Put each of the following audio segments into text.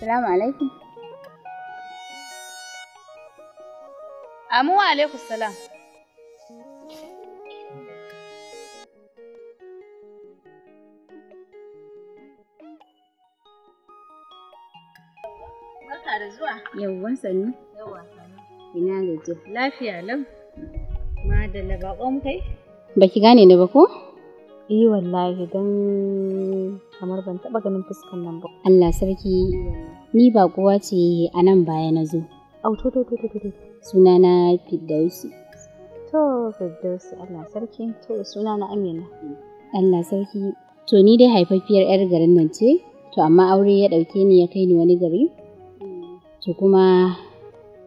Salamu alaikum. Amu alaikum salam. da zuwa. sannu. sannu. Ina Lafiya lau. kai? Baki gane ni ba ko? E, wallahi don kamar ban taɓa ganin fuskan nan ba. Allah sarki ni ba kowa ce a nan baya na zo. Au to to to to to. na Firdausi. To Firdausi Allah sarki to na Amina. Allah sarki to ni dai haifaffiyar 'yar garin nan ce to amma aure ya ɗauke ni ya kai ni wani gari. To kuma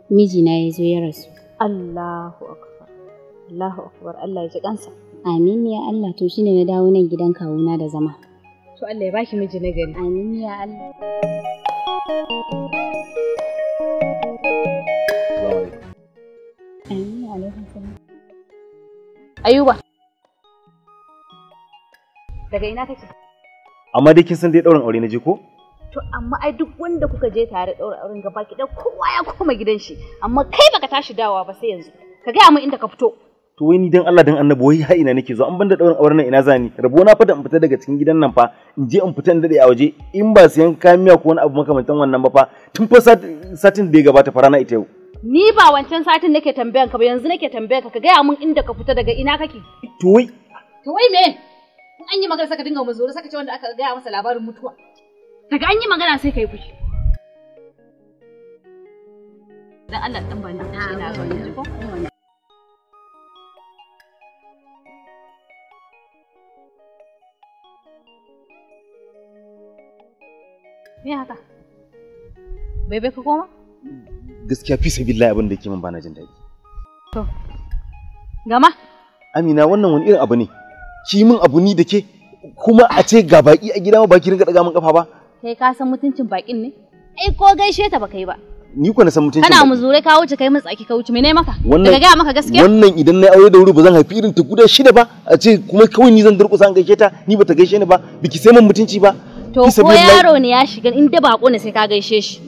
mijina ya zo ya rasu. Allahu akbar. Allahu akbar Allah ya ji kansa. Amin ya Allah to shine na dawo nan gidan kawuna da zama. To Allah ya baki miji nagari. Amin ya Allah. Ayuba. Daga ina kake? Amma dai kin san dai daurin aure na je ko? to amma ai duk wanda kuka je tare ɗaura auren gaba ki kowa ya koma gidan shi amma kai baka tashi dawowa ba sai yanzu ka gaya min inda ka fito to wai ni dan Allah dan annabi wai ha ina nake zo an banda daurin auren nan ina zani rabo na fada in fita daga cikin gidan nan fa in je in fita in dade a waje in ba siyan kayan miya ko wani abu makamantan wannan ba fa tun fa satin da ya gabata farana ita yau ni ba wancan satin nake tambayan ka ba yanzu nake tambayan ka ka gaya mun inda ka fita daga ina kake to wai to wai me in an yi magana saka dinga mazuri saka ce wanda aka gaya masa labarin mutuwa daga an yi magana sai kai fushi dan Allah dan bani ah, ina ga wani me haka bai bai ka koma gaskiya fi billahi abin da yake min bana jin daɗi to gama amina wannan wani irin abu ne ki min abu ni da ke kuma a ce ga baki a gida ma baki rinka daga min kafa ba kai ka san mutuncin bakin ne ai ko gaishe ta ba kai ba ni ko na san mutuncin kana muzure ka wuce kai mun tsaki ka wuce me maka daga ga maka gaskiya wannan idan na aure da wuri ba zan haifi irin ta guda shida ba a ce kuma kawai ni zan durƙusa an gaishe ta ni ba ta gaishe ni ba biki sai mun mutunci ba To ko yaro ne ya shiga in da bako ne sai ka gaishe shi.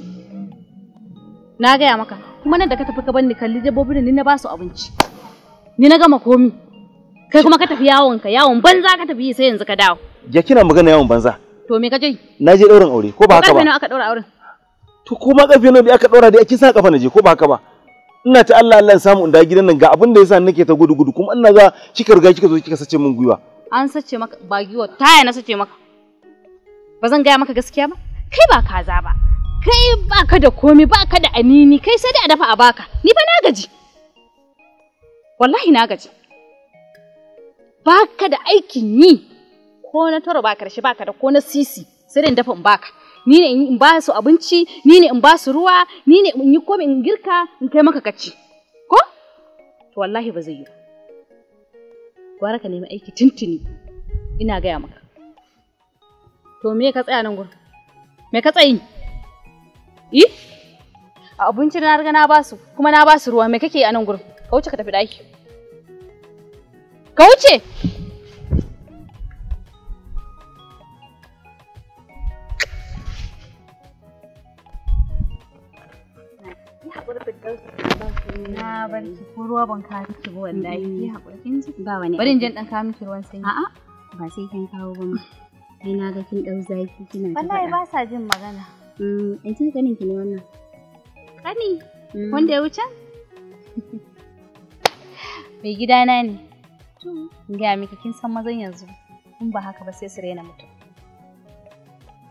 Na gaya maka kuma nan da ka tafi ka bani kalli dabbobin ni na ba su abinci. Ni na gama komi. Kai kuma ka tafi yawon ka yawon banza ka tafi sai yanzu ka dawo. Ya kina magana yawon banza. To me ka je? Na je daurin aure ko ba haka ba? Kafin aka daura auren. To ko ma kafe da aka daura dai kin sa kafa na je ko ba haka ba? Ina ta Allah Allah samu inda gidan nan ga abin da yasa nake ta gudu gudu kuma ina ga kika riga kika zo kika sace min gwiwa. An sace maka ba giwa taya na sace maka. ba zan gaya maka gaskiya ba kai ba kaza ba kai ba ka da komi ba ka da anini kai sai dai a dafa a baka ni ba na gaji wallahi na gaji ba ka da aikin yi ko na taro ba karshe ba ka da ko na sisi sai dai in dafa in baka ni ne in ba su abinci ni ne in ba su ruwa ni ne in yi komi in girka in kai maka kaci ko to wallahi ba zai yi gara ka nemi aiki tuntuni ina gaya maka To me ka tsaya nan gurin? Me ka tsayi? I? A abinci na riga na ba su, kuma na ba su ruwa, me kake yi a nan gurin? Ka wuce ka tafi ɗaki. Ka wuce! Na bar ki ko ruwa ban kawo ki ba wallahi. Ki haƙuri kin ji? Ba wani. Bari in je dan kawo miki ruwan sanyi. A'a ba sai kin kawo ba ma. Ai na ga kin dau zafi kina ta Wallahi ba sa jin magana. Mm, in eh, kin ganin ki ne wannan. Kani mm. wanda ya wuce? Mai gidana ne. In ga miki kin san mazan yanzu in ba haka ba sai su rena mutum.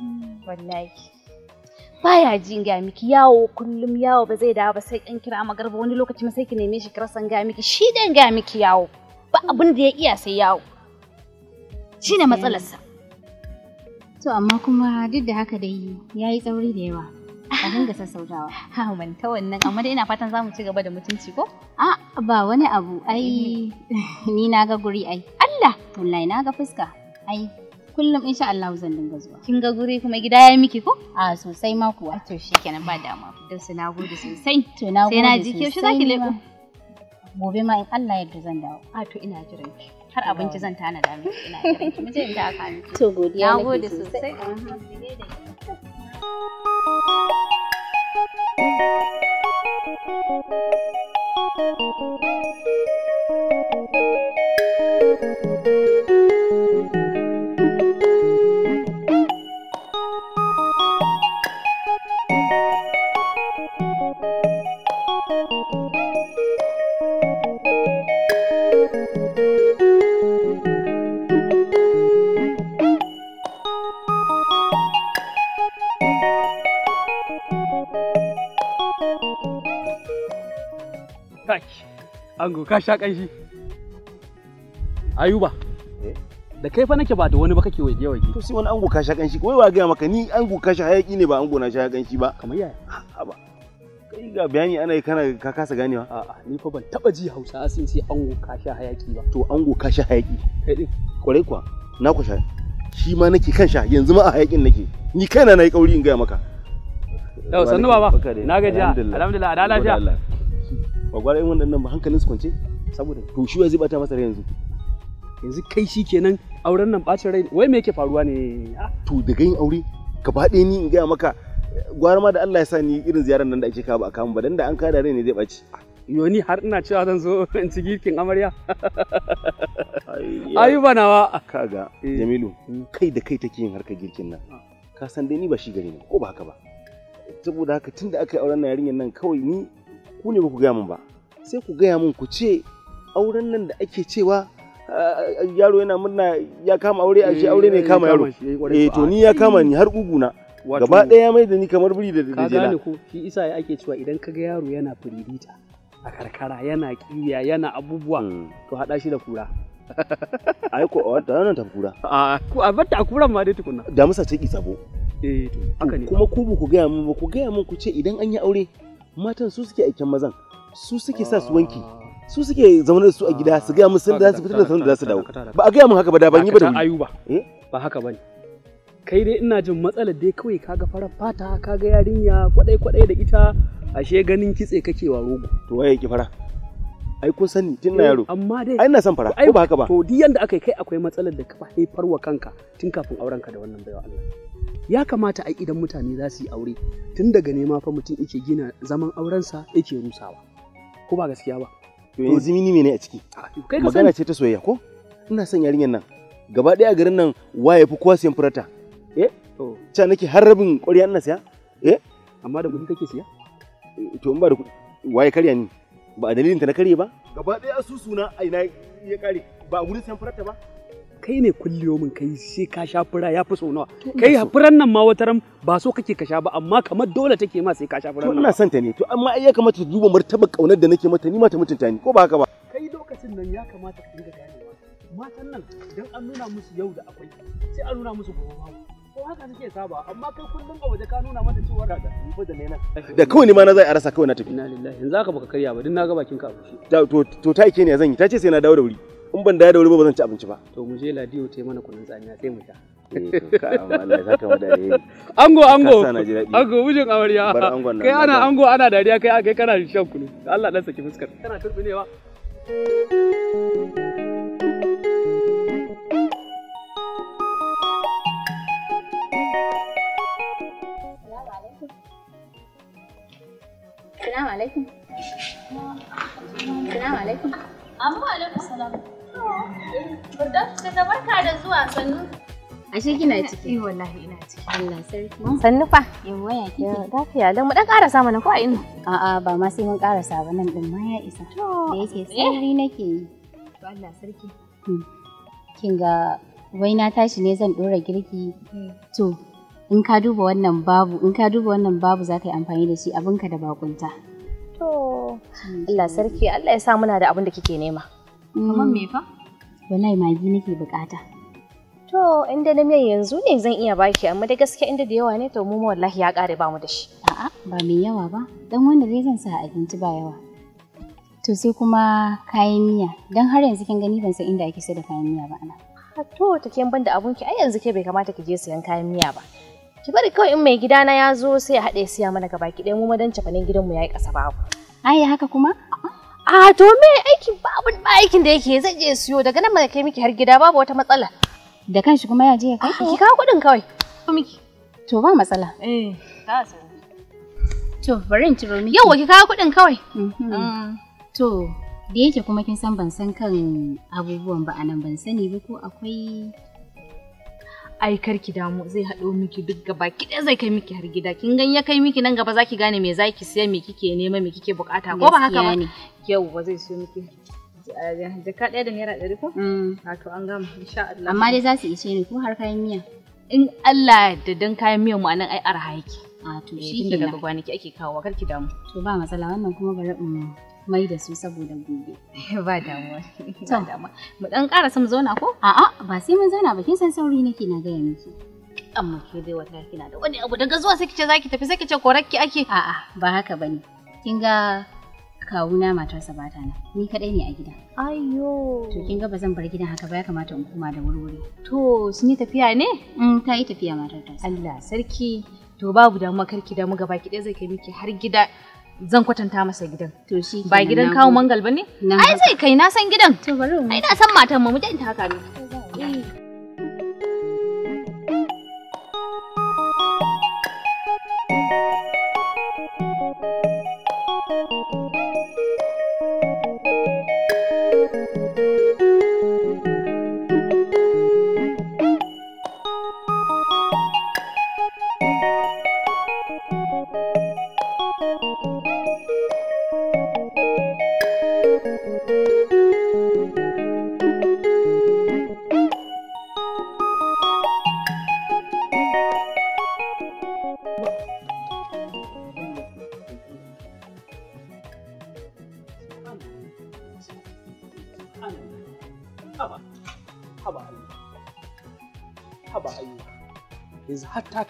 Mm. Wallahi. Baya ji in miki yawo kullum yawo ba zai dawo ba sai kin kira magarba wani lokaci sai ki neme shi san ga miki shi dan ga miki yawo. Ba abin da ya iya sai yawo. Shi ne matsalarsa. To amma kuma duk da haka dai ya yi tsauri da yawa. A dinga sassautawa. Ha ban ta wannan amma dai ina fatan za mu ci gaba da mutunci ko? A ba wani abu ai ni na ga guri ai. Allah wallahi na ga fuska ai kullum insha Allah zan dinga zuwa. Kin ga guri kuma gida ya miki ko? A sosai ma kuwa. To shikenan ba dama. Dan su na gode sosai. To na gode sosai. Sai na ji ke shi zaki lebo. Gobe ma in Allah yadda zan dawo. A to ina jiran ki. har abinci zan tana da miki ina kiran ki mu ta aka miki to godiya na gode sosai Thank you. Ango ka sha kanshi. Ayuba. Eh? Da kai fa nake ba da wani ba kake waje waje. To sai wani ango ka sha kanshi. Wai wa ga maka ni ango ka sha hayaki ne ba ango na sha kanshi ba. Kamar yaya? Haba. Kai ga bayani ana yi kana ka kasa ganewa. A'a ni fa ban taba ji Hausa sun ce ango ka sha hayaki ba. To ango ka sha hayaki. Kai din. Kwarai kuwa. Na ku sha. Shi ma nake kan sha yanzu ma a hayakin nake. Ni kaina na yi kauri in gaya maka. Yau sannu baba. Na gajiya. Alhamdulillah. Da lafiya. gwagwara yin wannan ba hankalin su kwance saboda to shi zai bata masa rai yanzu yanzu kai shi kenan auren nan bacin rai wai me yake faruwa ne ah. to daga yin aure gaba ɗaya ni in gaya maka gwara ma da Allah ya sa ni irin ziyarar nan da ake kawo ba a kama ba dan da an kada rai ne zai ɓaci yoni har ina cewa zan zo in ci girkin amarya ayuba nawa kaga eh. jamilu hmm. kai da kai take yin harkar girkin nan ah. ka san dai ni ba shi gari ne ko ba haka ba saboda haka tunda aka yi auren na yarinyar nan kawai ni ku ne ba ku gaya mun ba sai ku gaya mun ku ce auren nan da ake cewa ah, ah, yaro yana murna ya kama aure a shi eh, aure ne kama yaro eh to ni ya kama ni har na gaba ɗaya mai da ni kamar biri da dajela ka gane ko shi isa ya ake cewa idan ka ga yaro yana firidita a karkara yana kiya yana abubuwa hmm. to hada shi da kura ai ko wata nan ta kura a ku a batta a kuran ma dai tukunna da musa ce ki sabo eh to haka ne kuma ku ku ga mun ku ga mun ku ce idan an yi aure matan su suke aikin mazan su suke sa su ah. wanki su suke zaune su a ah. gida su gaya musu da su fitar da sun da su dawo ba a gaya mun haka ba da ban yi ba da ayuba eh? ba haka bane kai dai ina jin matsalar dai kawai kaga farar fata kaga yarinya kwadai kwadai da ita ashe ganin kitse kake wa rogo to waye ki fara ai kun sani tun na eh, yaro amma dai ai ina son fara ko ba haka ba to di yanda akai kai akwai matsalar da ka haifar wa kanka tun kafin auren ka da wannan baiwa Allah ya kamata ai idan mutane za su yi aure tun daga nema fa mutum yake gina zaman aurensa yake rusawa ko ba gaskiya ba to yanzu mini mene a ciki ah, magana ce ta soyayya ko ina son yarinyar nan gaba ɗaya a garin nan waye fi kowa siyan furata eh to cha nake har rabin ƙwarya ina siya eh amma da kuɗi kake siya eh, to in ba da kuɗi waye karya ni ba a dalilin ta na kare ba gaba ɗaya asusuna a ina ya kare ba a gurin sayan ta ba kai ne kulliyomin kai sai ka sha fura ya fi nawa kai furan nan ma wata ran ba so kake ka sha ba amma kamar dole take ma sai ka sha furan nan ina son ta ne to amma ai ya kamata ta duba martaba kaunar da nake mata ni ma ta mutunta ni ko ba haka ba kai lokacin nan ya kamata ka dinga wa matan nan dan an nuna musu yau da akwai sai an nuna musu gobe ba ko haka suke saba amma kai kullum a waje ka nuna mata cewa da da ne da kawai ni ma na zai arasa kawai na tafi na lillahi yanzu haka baka karya ba din na ga bakin ka a to to ta yake ne zan yi ta ce sai na dawo da wuri in ban dawo da wuri ba zan ci abinci ba to mu je ladiyo ta mana kunun tsamiya sai mu ta eh, ango ango ango mijin amarya kai ana ango ana dariya kai kai kana shan kunu Allah dan saki fuskar kana turbinewa thank you Assalamu alaikum. Assalamu alaikum. Amma alaikum salam. Burda, barka da zuwa sannu. Ashe kina ciki? Eh wallahi ina ciki. Allah sarki. Sannu fa? Yawwa ya kike? Lafiya lau mu dan ƙarasa mana ko a ina? A'a ba ma sai mun ƙarasa ba nan din ma ya isa. Da yake eh. sauri nake yi. To Allah sarki. Hmm. Kin ga wai na tashi ne zan ɗora girki. Hmm. To in ka duba wannan babu in ka duba wannan babu za ka yi amfani da shi abinka da bakunta to hmm. Allah sarki Allah ya sa muna da abin da kike nema hmm. kamar me fa wallahi magi nake bukata to inda na mai yanzu ne zan iya baki amma da gaskiya inda da yawa ne to mu wallahi ya kare ba mu da shi a'a ba mai yawa ba dan wanda zai zan sa abinci ba yawa to sai kuma kayan miya dan har yanzu kin gani ban san inda ake sai da kayan miya ba ana to ta ban da abun ki ai yanzu ke bai kamata ki je sayan kayan miya ba ki bari kawai in mai gida na ya zo sai ya haɗe siya mana gaba ki ɗaya mu madan cafanin gidanmu yayi yi ƙasa babu. Ai haka kuma? A to me aikin babu aikin da yake zan je siyo daga nan mai kai miki har gida babu wata matsala. Da kanshi kuma ya je ya kai ki kawo kuɗin kawai. Miki. To ba matsala. Eh, ka san. To bari in ciro miki. Yau ki kawo kuɗin kawai. Mhm. Ah. To da yake kuma kin san ban san kan abubuwan ba anan ban sani ba ko akwai ai ki damu zai haɗo miki duk gaba ki kiɗa zai kai miki har gida kin gan ya kai miki nan gaba zaki gane me zaki siya me kike nema me kike bukata ko ba haka ba yau ba zai so miki eh, jaka ɗaya da naira ɗari ko wato mm. an gama insha Allah amma dai za su ishe ni ko har kayan miya in Allah da dan kayan miya mu anan ai arha yake a ah, to eh, shi daga kwanaki ake kawo kar ki damu to ba matsala wannan kuma bari in mai da su saboda gobe. Ba damuwa. Ba damuwa. Mu dan ƙara mu zauna ko? A'a, ba sai mun zauna ba kin san sauri nake na gaya miki. Amma ke dai wata kina da wani abu daga zuwa sai kice zaki tafi sai kice korakki ake. A'a, ba haka bane. Kin ga kawuna matarsa bata na. Ni kadai ne a gida. Ayyo. To kin ga ba zan bar gidan haka ba ya kamata in koma da wurwuri. To sun yi tafiya ne? Mm, ta yi tafiya matar ta. Allah sarki. To babu damuwa karki da mu gaba ki zai kai miki har gida zan kwatanta masa gidan. To shi ba gidan kawo mangal ba ne? Ai zai kai na san gidan. To bari mu. Ai na san matan mu mu ta haka ne.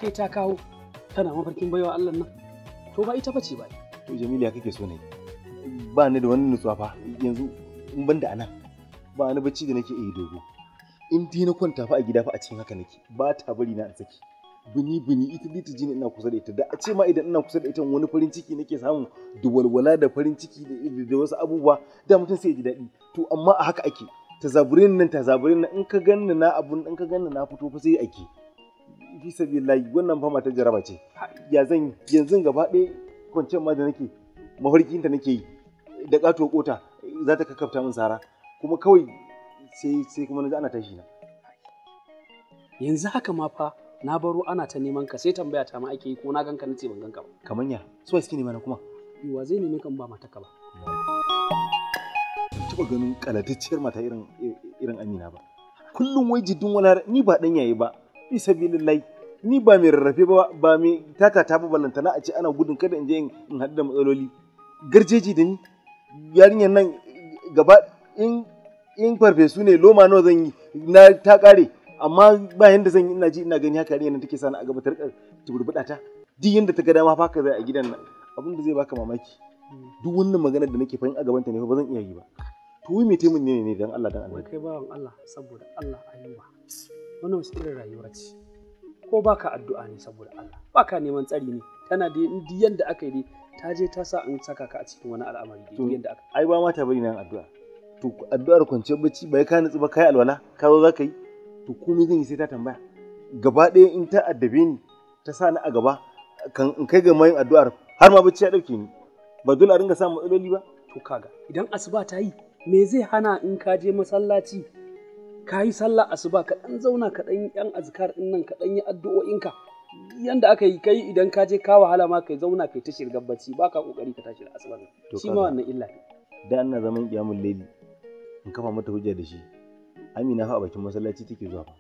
kai ta kawo tana mafarkin baiwa Allah nan to ba ita bace ba to Jamila kake so ne ba ni da wani nutsuwa fa yanzu in ban da anan ba wani bacci da nake yi dogo in dai na kwanta fa a gida fa a cikin haka nake ba ta bari na a saki bini bini ita dai ta jini ina kusa da ita da a ce ma idan ina kusa da ita wani farin ciki nake samu da walwala da farin ciki da wasu abubuwa da mutum sai ya ji daɗi to amma a haka ake ta zaburin nan ta zaburin nan in ka ganna na abun in ka ganna na fito fa sai ake fi sabilillahi wannan fama ta jaraba ce ya zan yanzu gaba ɗaya kwanciyar ma da nake mafarkinta nake yi da ƙato kota za ta kakkafta min sara kuma kawai sai sai kuma naji ana tashi na yanzu haka ma fa na baro ana ta neman ka sai tambaya ta ma ake yi ko na ganka nace ban ganka ba kaman ya so suke nema na kuma wa zai neme kan ba mata ka ba taɓa ganin kalatacciyar mata irin irin Amina ba kullum wai jiddin wala ni ba dan yayi ba bi sabilillahi ni ba mai rarrafe ba ba mai ta ba ballantana a ce ana gudun kada in je in haɗu da matsaloli garjeji da ni yarinyar nan gaba in in farfesu ne loma nawa zan yi na ta ƙare amma ba yanda zan yi ina ji ina gani haka yarinyar nan take sani a gaba ta rika ta duk yanda ta ga dama fa ka zai a gidan nan abin da zai baka mamaki duk wannan maganar da nake fahimta a gabanta ne ba zan iya yi ba to wai me taimun ne ne dan Allah dan Allah kai bawan Allah saboda Allah ayyuba wannan wasu irin rayuwa ce ko baka addu'a ne saboda Allah baka neman tsari ne tana da yadda aka yi ta je ta sa an saka ka a cikin wani al'amari da yanda aka ai ba mata bari nan addu'a to addu'ar kwanciyar bacci bai ka nutsu ba kai alwala ka zo zaka yi to komai zan yi sai ta tambaya gaba ɗaya in ta addabe ni ta sa ni a gaba kan in kai ga mayin addu'ar har ma bacci ya dauke ni ba dole a ringa samun matsaloli ba to kaga idan asuba ta yi me zai hana in ka je masallaci ka yi sallah asuba ka zauna ka ɗan yan azkar ɗin nan ka ɗan yi addu'o'inka yanda aka yi kai idan ka je ka wahala ma kai zauna kai ta shirgar bacci ba ka kokari ka tashi da asuba shi ma wannan illa ne da ana zaman kiyamul laili in kafa mata hujja da shi amina fa a bakin masallaci take zuwa fa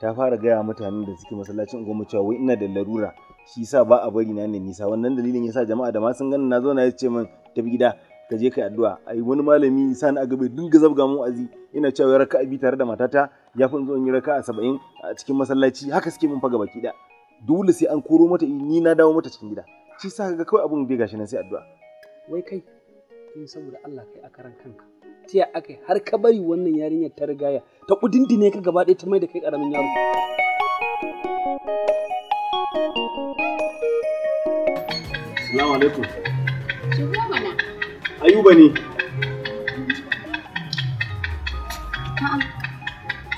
ta fara gaya mutanen da suke masallacin goma cewa wai ina da larura shi sa ba a bari na ne nisa wannan dalilin yasa jama'a da ma sun gani na zauna ya ce min tafi gida ka je kai addu'a ai wani malami sani aga bai dinga zabga mun azi ina cewa raka'a biyu tare da matata ya fi zo in yi raka'a saba'in a cikin masallaci haka suke mun faga baki da dole sai an koro mata ni na dawo mata cikin gida shi sa ga kawai abun bai gashi nan sai addu'a wai kai in saboda Allah kai a karan kanka tiya akai har ka bari wannan yarinyar ta rigaya ta kudindine ka gaba ɗaya ta mai da kai karamin yaro Assalamu alaikum. Shigo mana. Ayuba ne.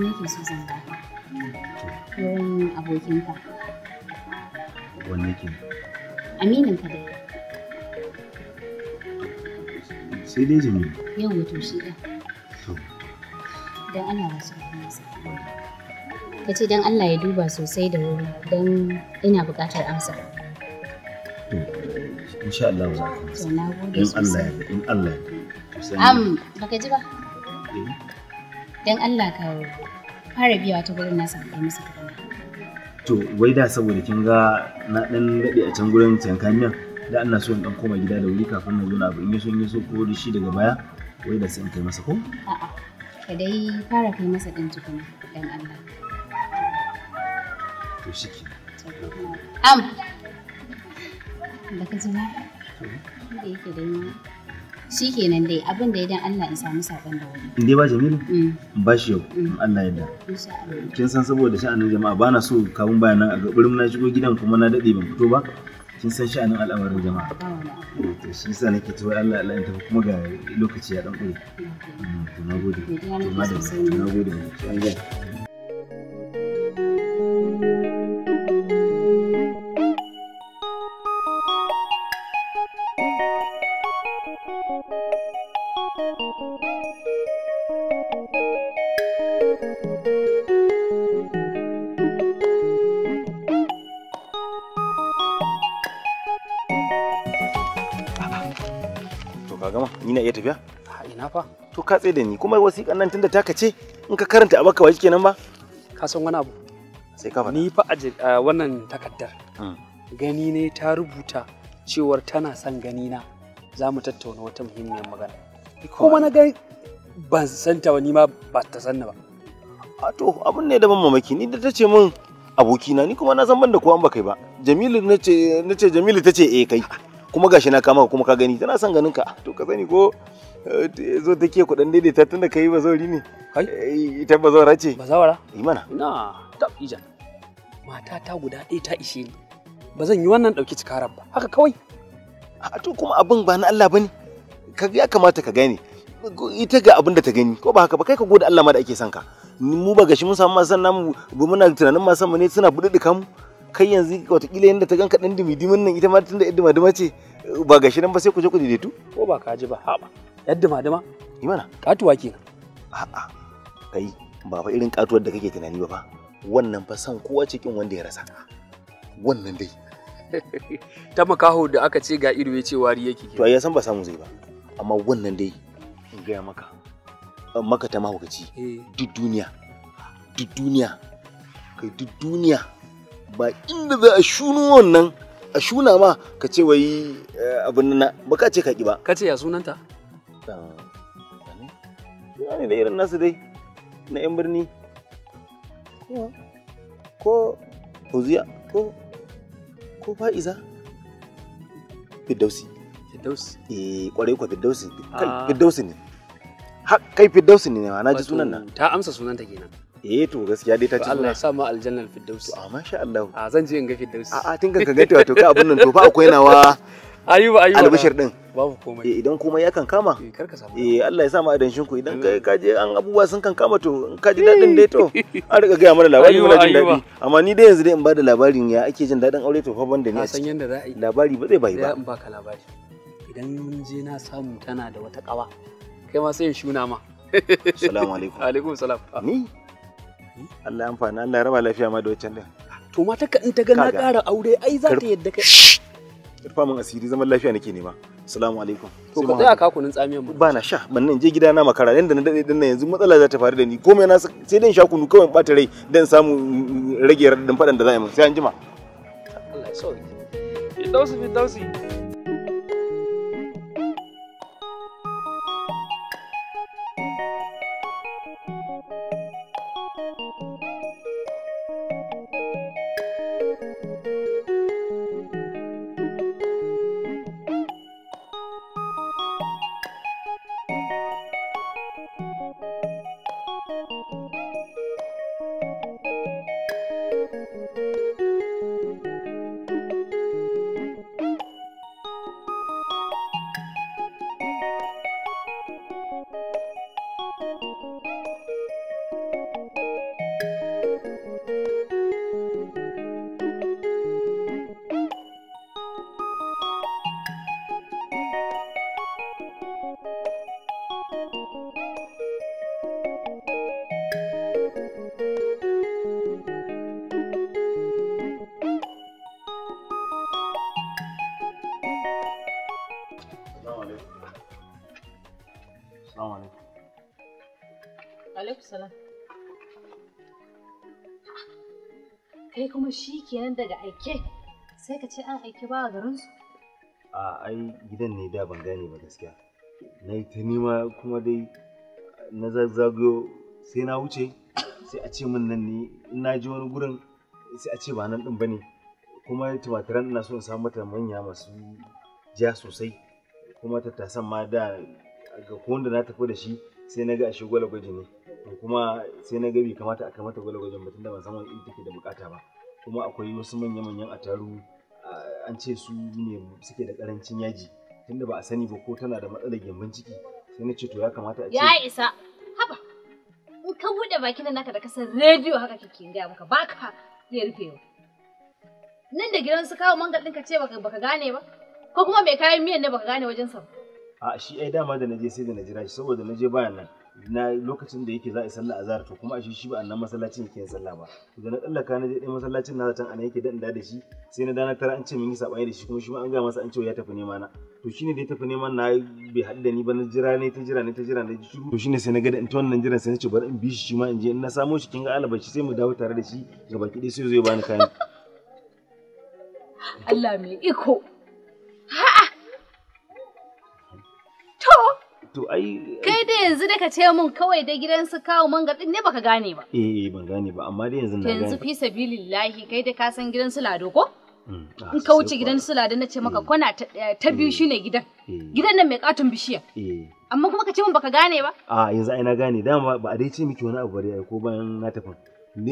kuma yake so zan ba ka wurin abokinka wanne ke aminin ka dai sai dai jamilu yau wato shi ɗin to don ana wasu masa ka ce don Allah ya duba sosai da wuri don ina buƙatar amsa insha Allah za ka in Allah ya in Allah ya am baka ji ba eh? dan Allah ka fara biya ta gurin nasa da musu masa kuɗin. To wai da saboda kin ga na dan daɗe a can gurin cankan miyan da ana so in dan koma gida da wuri kafin na zo na abu in yi so in yi ko da shi daga baya wai da sai in kai masa ko? A'a ka dai fara kai masa ɗan tukuna dan Allah. To shi ke. Am. Da ka ji ba? Da yake da yi. shi kenan dai abin da ya dan Allah in samu sabon da wani in dai ba Jamilu mm. ba shi yau mm. Allah ya da kin san saboda sha'anin jama'a ba na so kawun bayanan a gaburin na shigo gidan kuma na dade ban fito ba kin san sha'anin al'amarin jama'a to shi yasa nake cewa Allah Allah in tafi kuma ga lokaci ya dan ka tsaye da ni kuma wasiƙan nan tunda ta ce in ka karanta a baka waje kenan ba ka san wani abu sai ka ni fa a wannan takaddar hmm. gani ne ta rubuta cewar tana son gani na za mu tattauna wata muhimmiyar magana kuma na ga ban ta wani ma ba ta sanna ba a to abin ne da ban mamaki ni da ta ce min abokina ni kuma na san ban da kowa ba kai ba jamilu nace nace jamilu tace eh kai kuma gashi na kama kuma ka gani tana son ganin ka to ka sani ko zo ta ke daidai ta tunda kai bazauri eh, ne ita bazawara ce bazawara yi mana na ta ijan mata ta guda ɗaya ta ishe ni ba zan yi wannan ɗauki cikaran ba haka kawai a to kuma abin ba na Allah bane ka ya kamata ka gane ita ga abin da ta gani ko ba haka ba kai ka gode Allah ma da ake son ka mu ba gashi mun samu masan namu ba muna tunanin san mu ne suna buɗuɗɗuka mu kai yanzu watakila yadda ta ganka ɗan dimidimin nan ita ma tunda yadda ma ce ba gashi nan ba sai ku je ku daidaitu ko ba ka ji ba ha ba Yadda madama? Ni mana. Katuwa ke. A'a. Kai ba fa irin katuwar da kake tunani ba Wannan fa san kowa cikin wanda ya rasa. Wannan dai. Ta makaho da aka ce ga ido ya ce wari yake. To ai san ba samu zai ba. Amma wannan dai in gaya maka. Eh, maka ta mahaukaci. Eh. Duk duniya. Duk duniya. Kai duk duniya. Ba inda za a shuno wannan a shuna ma ka ce wai eh, abin nan ba ka ce ka ki ba. Ka ce ya sunanta? Suna ne da irin nasu dai na 'yan birni. Ko Hauziya ko ko Fa'iza Fiddausi. Fiddausi? Eh, kwarai kwa Fiddausi. Kai ah. Fiddausi ne. Ha Kai Fiddausi ne ma na ji sunan nan. Ta amsa sunan sunanta kenan. eh to gaskiya dai ta ci Allah ya sa ma aljannal firdaus to amma masha Allah a zan je in ga firdaus a a tun ka ga to ka abun nan to fa akwai nawa ayuba ayuba albishir din babu komai eh idan komai yakan kama eh, eh Allah ya sa mu adanshin ku idan kai eh. kaje an abubuwa sun kan kama to in kaji dadin dai to an riga ga mana labari muna jin dadi amma ni dai yanzu dai in bada labarin ya ake jin dadin aure to fa ban da ni san yanda za a yi labari ba zai bai ba in baka labari idan mun je na samu tana da wata kawa kai ma sai in shuna ma assalamu alaikum alaikum salam ah. ni hmm? Allah ya amfana Allah ya raba lafiya ma da wancan din to mata ka in ta ga na ƙara aure ai za ta yadda kai irfamin asiri zaman lafiya nake nema assalamu alaikum to ka tsaya ka kunun tsamiyan mu ba na sha ban nan je gida na makara yanda na dade dinnan yanzu matsala za ta faru da ni komai na sai dan sha kunu kawai bata rai dan samu rage radadin fadan da za a yi min sai an jima Allah ya sauke Fidausi Fidausi kai kuma shi kenan daga aike sai ka ce an aike ba garinsu a ai gidan ne da ban gane ba gaskiya na yi ta nema kuma dai na zazzago sai na wuce sai a ce min nan ne na ji wani gurin sai a ce ba nan din bane kuma tumatiran ina so in samu mata manya masu ja sosai kuma tattasan ma da ga kowanda na tafi da shi sai na ga a shi gwalagwaji ne ko kuma sai na gabi kamata a kamata gwalgwajen mutum da ban san wani take da bukata ba kuma akwai wasu manya-manyan taro ah, an ce su ne suke da karancin yaji tunda ba a sani ba ko tana da matsalar gyambon ciki sai na ce to ya kamata a ce ya isa haba in ka bude bakin nan naka da kasar rediyo haka kike ga maka baka ya rufe nan da gidan su kawo mangal ɗin ka ce baka baka gane ba ko kuma mai kayan miyan ne baka gane wajen sa a shi ai dama da naje sai da na jira shi saboda naje bayan nan na lokacin da yake za a yi sallah azhar to kuma ashe shi ba annan masallacin yake sallah ba to na tsallaka na je masallacin na zatan ana yake da da shi sai na dana tara an ce mun yi sabani da shi kuma shi ma an ga masa an ce ya tafi nema na to shine dai tafi nema na bai haɗu da ni ba na jira ne ta jira ne ta jira ne ji shiru to shine sai na ga da in ta wannan jiran sai na ce bari in bi shi shi ma in je in na samo shi kin ga alaba shi sai mu dawo tare da shi gaba ki dai sai zo ya bani kani. Allah mai iko To ai Kai dai yanzu da ka ce mun kawai da gidan su kawo manga din ne baka gane ba. Eh, eh ban gane ba amma dai yanzu na gane. Yanzu fi sabilillahi kai da ka san gidan su Lado ko? Mm, ah, In ka wuce gidan su Lado na ce maka mm. kwana ta eh, biyu mm. shine gidan. Eh. Gidan nan mai katon bishiya. Amma kuma ka ce mun baka gane ba? A yanzu ai na gane dama ba a dai ce miki wani abu bare ai ko bayan na tafi.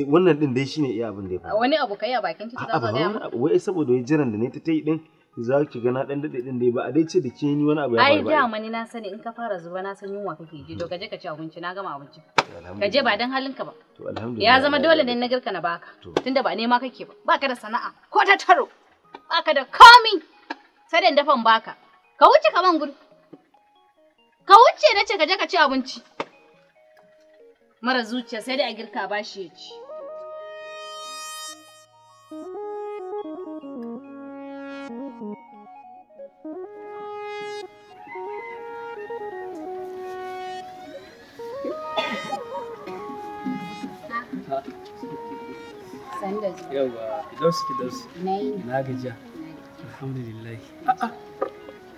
Wannan din dai shine iya abin da ya faru. Wani abu kai a bakin ciki za ka ga. Wai saboda wai jiran da ne ta yi din za ki ga na dan dade din dai ba a dai ce da ke ni wani abu ya faru ba ai dama ni na sani in ka fara zuba na san yunwa kake ji to ka je ka ci abinci na gama abinci ka je ba dan halinka ba to alhamdulillah ya zama dole ne na girka na baka tunda ba nema kake ba baka da sana'a ko ta taro baka da komi sai da dafan baka ka wuce ka man gudu ka wuce nace ka je ka ci abinci mara zuciya sai dai a girka bashi ya ci yawa fidaus fidaus na gajiya alhamdulillah a'a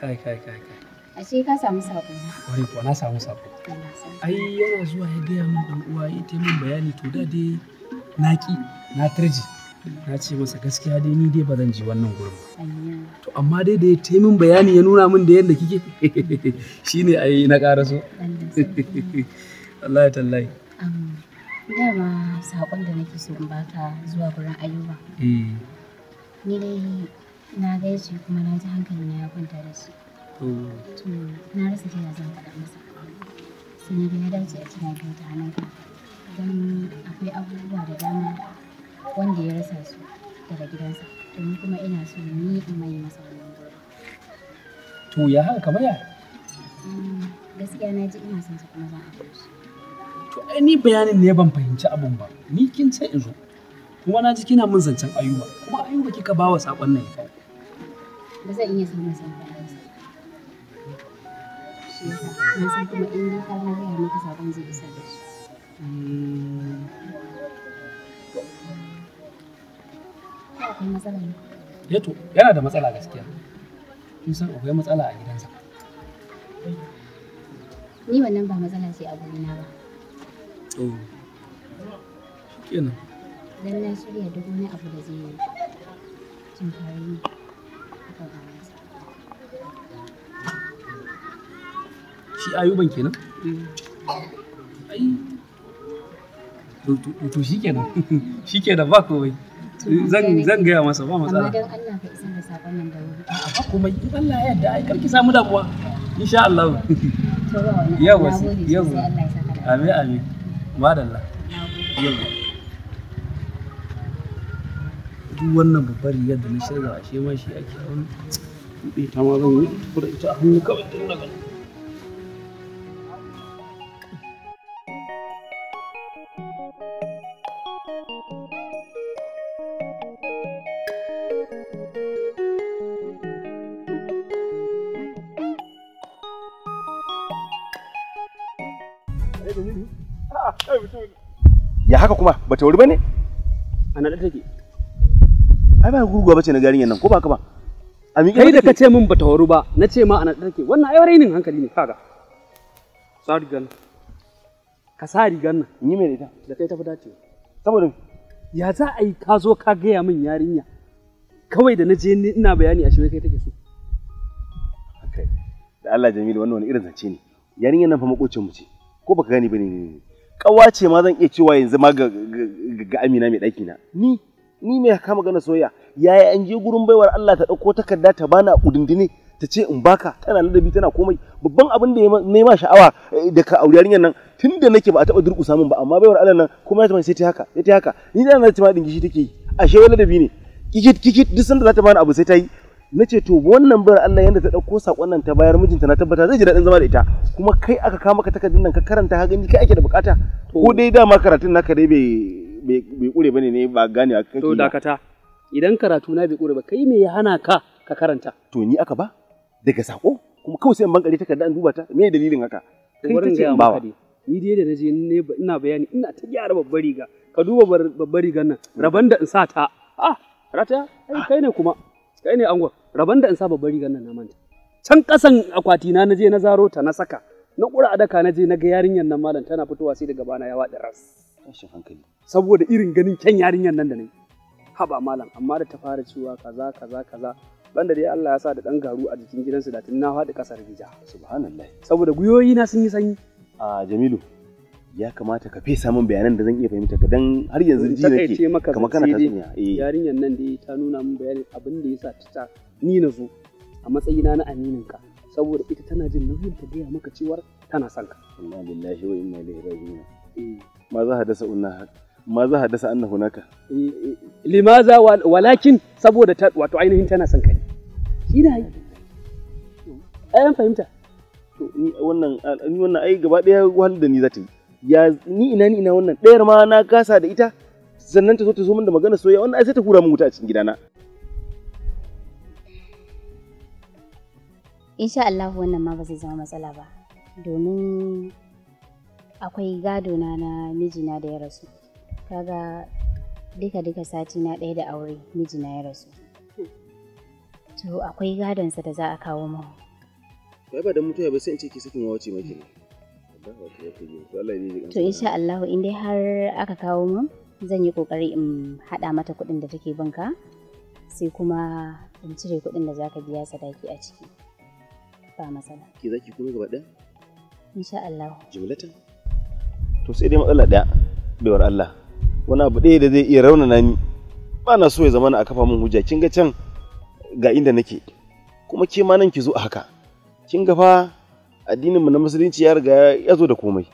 kai kai kai kai ashe ka samu sako wai ko na samu sako ai yana zuwa ya gaya min dan uwa ya ta min bayani to da dai na ki na turji na ce masa gaskiya dai ni dai ba zan ji wannan gurin to amma dai da ya ta min bayani ya nuna min da yadda kike shine ai na ƙara so Allah tallahi dama saƙon da nake so in baka zuwa gurin ayuba mm. ni dai na gaishe kuma na ji hankali na ya kwanta da shi to na rasa na zan faɗa masa sai na ya dace a cikin biyu ta hannunka don akwai abubuwa da dama wanda ya rasa su daga gidansa to ni kuma ina so ni in mai masa wannan to ya haka kamar ya mm, gaskiya na ji ina son su kuma zan a shi to ai ni bayanin ne ban fahimci abun ba ni kin sai in zo kuma na ji kina min zancen ayuba kuma ayuba kika bawa sakon nan ya ba zan iya samun sakon shi yasa na san kuma in na ga ya maka sakon zai isa da shi eh. eh to yana da matsala gaskiya. Kin san akwai matsala a gidansa. Ni wannan ba matsala ce a gurina ba. to shikenan dan na shirya duk wani abu da zai yi cin kayan shi ayuban kenan mm. ai to ba komai zan zan gaya masa ba matsala amma dan Allah ka isa da sakon nan da wuri a in Allah ya yarda ai karki samu damuwa insha Allah yawa yawa amin amin madalla duk wannan babbar rigar da na shirya ashe ma shi ake wani ta ma zan yi ita ita a hannu kawai tun daga ya haka kuma ba ta wuri ba ne a naɗe take ai ba gurguwa ba ce na garin nan ko ba ka ba a miƙe kai da ka ce min ba ta wuri ba na ce ma a naɗe take wannan ai rainin hankali ne kaga sa rigan ka sa rigan nan ni mai da ita da kai tafi dacewa saboda ya za a yi ka zo ka gaya min yarinya kawai da na je ina bayani a shirye kai take so da Allah Jamilu wannan wani irin zance ne yarinyar nan fa makocin mu ce ko baka gani bane ne kawa ma zan iya cewa yanzu ma ga, Amina mai ɗaki na ni ni mai kama gana soyayya yaya an je gurin baiwar Allah ta ɗauko takarda ta bana udundune ta ce in baka tana ladabi tana komai babban abin da ne ma sha'awa eh, da ka aure yarinyar nan tunda nake ba a taɓa durƙusa min ba amma baiwar Allah nan kuma ya sai ta haka sai ta haka ni da na ta ma dingishi take yi ashe wani ladabi ne kikit kikit duk sanda za ta bani abu sai ta yi na ce to wannan bar Allah yanda ta ɗauko sakon nan ta bayar mijinta na tabbata zai ji daɗin zama da ita kuma kai aka kawo maka takardun nan ka karanta ka gani kai ake da bukata ko dai dama karatun naka dai bai bai kure bane ne ba gane ka kake to dakata idan karatu na bai kure ba kai me ya hana ka ka karanta to ni aka ba daga sako kuma kawai sai in bangare takarda in duba ta me dalilin haka kai ta ce bawa ni dai da naje ne ina bayani ina ta gyara babbar riga ka duba babbar rigar nan raban da in sa ta ah rata ai ah. kai ne kuma kai ne angon rabon da in sa babbar rigar nan na manta can kasan akwati na je na zaro ta na saka na ƙura adaka na je na ga yarinyar nan malam tana fitowa sai daga bana ya waɗa ras hankali saboda irin ganin kyan yarinyar nan da ne haba malam amma da ta fara cewa kaza kaza kaza banda dai Allah ya sa da dan garu a jikin gidansu da tun na faɗi ƙasar gija subhanallahi saboda guyoyi na sun yi sanyi a Jamilu ya kamata ka fesa min bayanan da zan iya fahimta ka dan har yanzu ji nake kamar kana tatsuniya eh. yarinyar nan dai ta nuna min bayanin abin da yasa ta ni na zo a matsayina na aminin ka saboda ita tana jin nauyin ta gaya maka cewar tana son ka inna lillahi wa inna ilaihi raji'un eh. ma za hadasa unna ma za hadasa anna hunaka eh, limaza walakin saboda ta wato ainihin tana son ka ne shi da ai an fahimta to ni wannan ni wannan ai gaba daya wahal da ni za ta yi ya ni ina ni ina wannan ɗayar ma na kasa da ita sannan ta zo ta zo min da magana soyayya wannan ai sai ta hura min wuta a cikin gidana insha Allah wannan ma ba zai zama matsala ba domin akwai gado na na mijina da ya rasu kaga duka duka sati na ɗaya da aure mijina ya rasu to akwai gadonsa da za a kawo mu ba da mutuwa ba sai in ce ki sakin wace mai ne to insha Allah in dai har aka kawo min zan yi kokari in haɗa mata kuɗin da take banka sai kuma in cire kuɗin da zaka biya sadaki a ciki ba matsala ki zaki kuma gaba ɗaya insha Allah jumlatan to sai dai matsala ɗaya Allah wani abu ɗaya da zai iya raunana ni ba na so ya zamana a kafa mun hujja kin ga can ga inda nake kuma ke ma nan ki zo a haka kin ga fa addinin mu na musulunci ya riga ya zo da komai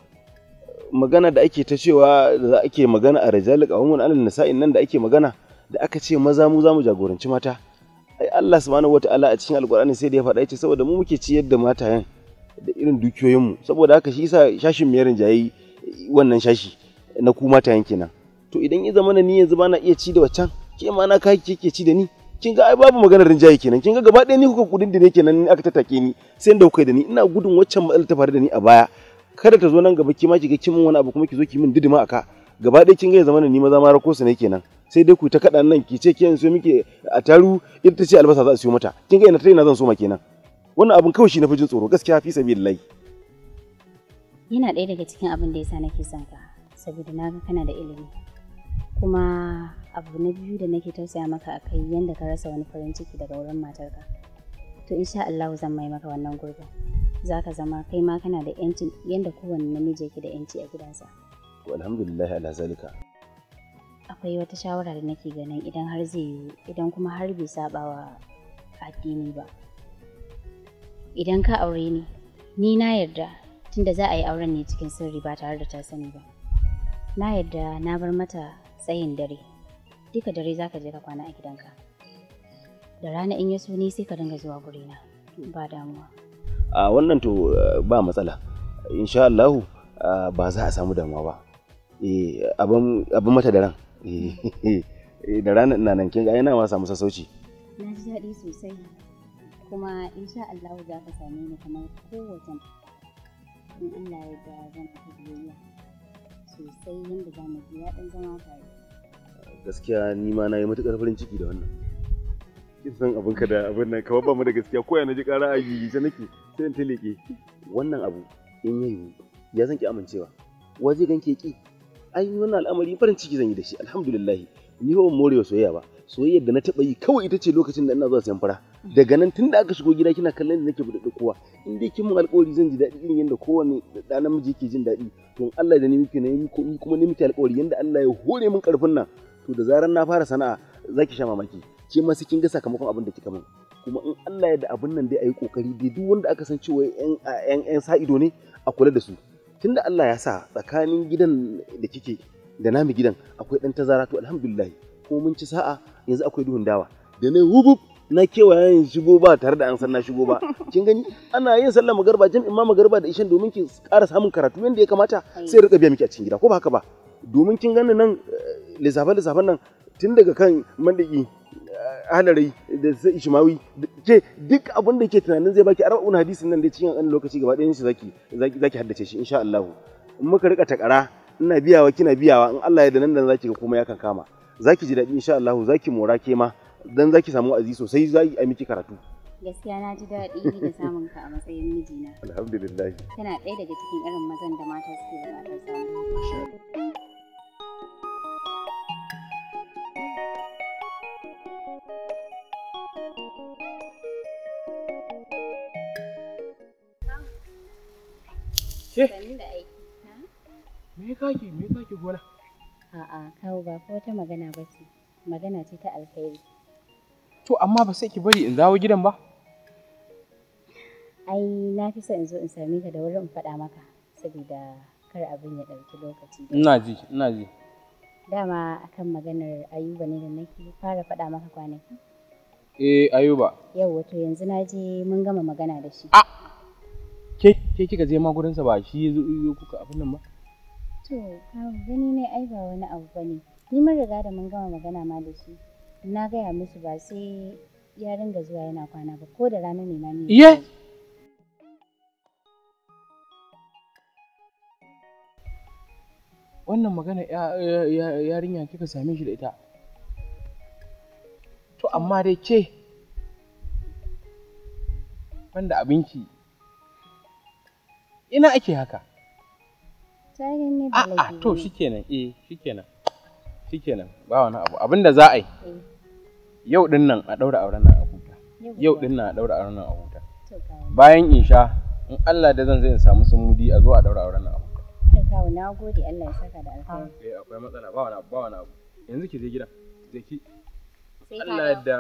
magana da ake ta cewa da ake magana a a qawmun alal nisa'in nan da ake magana da aka ce maza mu zamu jagoranci mata ai Allah subhanahu wataala a cikin alqur'ani sai da ya faɗa yace saboda mu muke ciyar da matayen da irin dukiyoyin mu saboda haka shi yasa shashin mai jayi wannan shashi na ku matayen kenan to idan ya zamana ni yanzu bana iya ci da waccan ke ma na kake ci da ni kin ga ai babu maganar rinjaye kenan kin ga gaba ɗaya ni kuka kudin da ne kenan aka tattake ni sai da kai da ni ina gudun waccan matsalar ta faru da ni a baya kada ta zo nan gaba kima ma ki ga kin wani abu kuma ki zo ki min didima aka gaba ɗaya kin ga ya zama ni maza ma ko su ne kenan sai dai ku ta kada nan ki ce kiyan so muke a taru ita ce albasa za a siyo mata kin ga ina ta ina zan so ma kenan wannan abin kawai shi na fujin tsoro gaskiya fi sabilillahi yana ɗaya daga cikin abin da yasa nake son ka saboda na ga kana da ilimi kuma abu na biyu da nake tausaya maka a kai yadda ka rasa wani farin ciki daga wurin matarka to insha Allah zan mai maka wannan gurbi. za ka zama kai ma kana da yanci yadda kowane namiji yake da yanci a gidansa to alhamdulillah ala zalika akwai wata shawara da nake ganin idan har zai yi idan kuma har bai saba wa addini ba idan ka aure ni ni na yarda tunda za a yi auren ne cikin sirri ba tare da ta sani ba na yarda na bar mata tsayin dare duka dare za ka je ka kwana a gidanka da rana in ya suni, ni sai ka dinga zuwa gurina ba damuwa a wannan to eh, ba matsala insha Allah eh, ba za a samu damuwa ba eh, abin mata da ran da ranar ina nan kinga yana ma samu sassauci na ji daɗi sosai kuma insha Allahu za ka same ni kamar kowace in Allah ya yarda zan fi biyayya sosai yadda za mu ji daɗin zama tare gaskiya ni ma na yi matukar farin ciki da wannan kin san abin ka da abin nan kawai ba mu da gaskiya ko na ji ƙara a gigice nake sai in tilike wannan abu in yayi ya san ki amincewa wa zai ganke ki ai wannan al'amari farin ciki zan yi da shi alhamdulillah ni ba morewa soyayya ba soyayyar da na taɓa yi kawai ita ce lokacin da ina zuwa sayan fara daga nan tun da aka shigo gida kina kallon da nake buɗe kowa in dai kin mun alƙawari zan ji daɗi irin yadda kowane ɗa namiji yake jin daɗi to Allah da ni muke na yi kuma ni muke alƙawari yadda Allah ya hore min ƙarfin nan to da zarar na fara sana'a zaki sha mamaki ke ma kin ga sakamakon abin da kika min kuma in Allah ya da abin nan dai ayi kokari dai duk wanda aka san cewa yan yan sa ido ne a kula da su tunda Allah ya sa tsakanin gidan da kike da nami gidan akwai dan tazara to alhamdulillah ko mun ci sa'a yanzu akwai duhun dawa da na hubub na kewayen shigo ba tare da an san na shigo ba kin gani ana yin sallar magarba jami'in ma magarba da ishan domin ki ƙara samun karatu yadda ya kamata sai rika biya miki a cikin gida ko ba haka ba domin kin gani nan eh, lissafe-lissafen nan tun daga kan mandaki eh, halarai da ishimawi ke duk abin da ke tunanin zai baki arba'un hadisin nan da cikin an lokaci gaba ɗayan shi zaki zaki haddace shi insha Allah in muka rika takara ina biyawa kina biyawa in Allah ya da nan da zaki ga kuma ya kan kama zaki ji daɗi insha Allah zaki mora ke ma dan zaki samu azi sosai zaki a miki karatu gaskiya na ji daɗi da samun ka a matsayin mijina alhamdulillah kana ɗaya daga cikin irin mazan da mata suke da mata Ke? Me kake me kake gona? A'a, kawo ba ko wata magana ba ce. Magana ce ta alkhairi. To amma ba sai ki bari in dawo gidan ba? Ai na fi so in zo in same ka da wuri in faɗa maka saboda kar abin ya ɗauki lokaci. Ina ji, ina ji. Dama akan maganar Ayuba ne da nake fara faɗa maka kwanaki. Eh Ayuba. Yau wato yanzu na je mun gama magana da shi. Ah. ke kika je ma gurinsa ba shi zo kuka abin nan ba to gani ne ai ba wani abu bane ni mun riga da mun gama magana ma da shi na gaya musu ba sai ya ringa zuwa yana kwana ba ko da rana ne ma ni iye wannan magana yarinya kika same shi da ita to amma dai ce banda abinci ina ake haka a'a to shikenan eh shikenan shikenan ba wani abu abinda za a yi eh. yau din nan a daura auren nan a huta yau din nan a daura auren nan a huta bayan insha in Allah da zan zai in samu sumudi a zo a daura auren nan a huta ka wa nagode Allah ya saka da alheri eh akwai matsala ba wani abu ba wani abu yanzu ki je gida je ki Allah da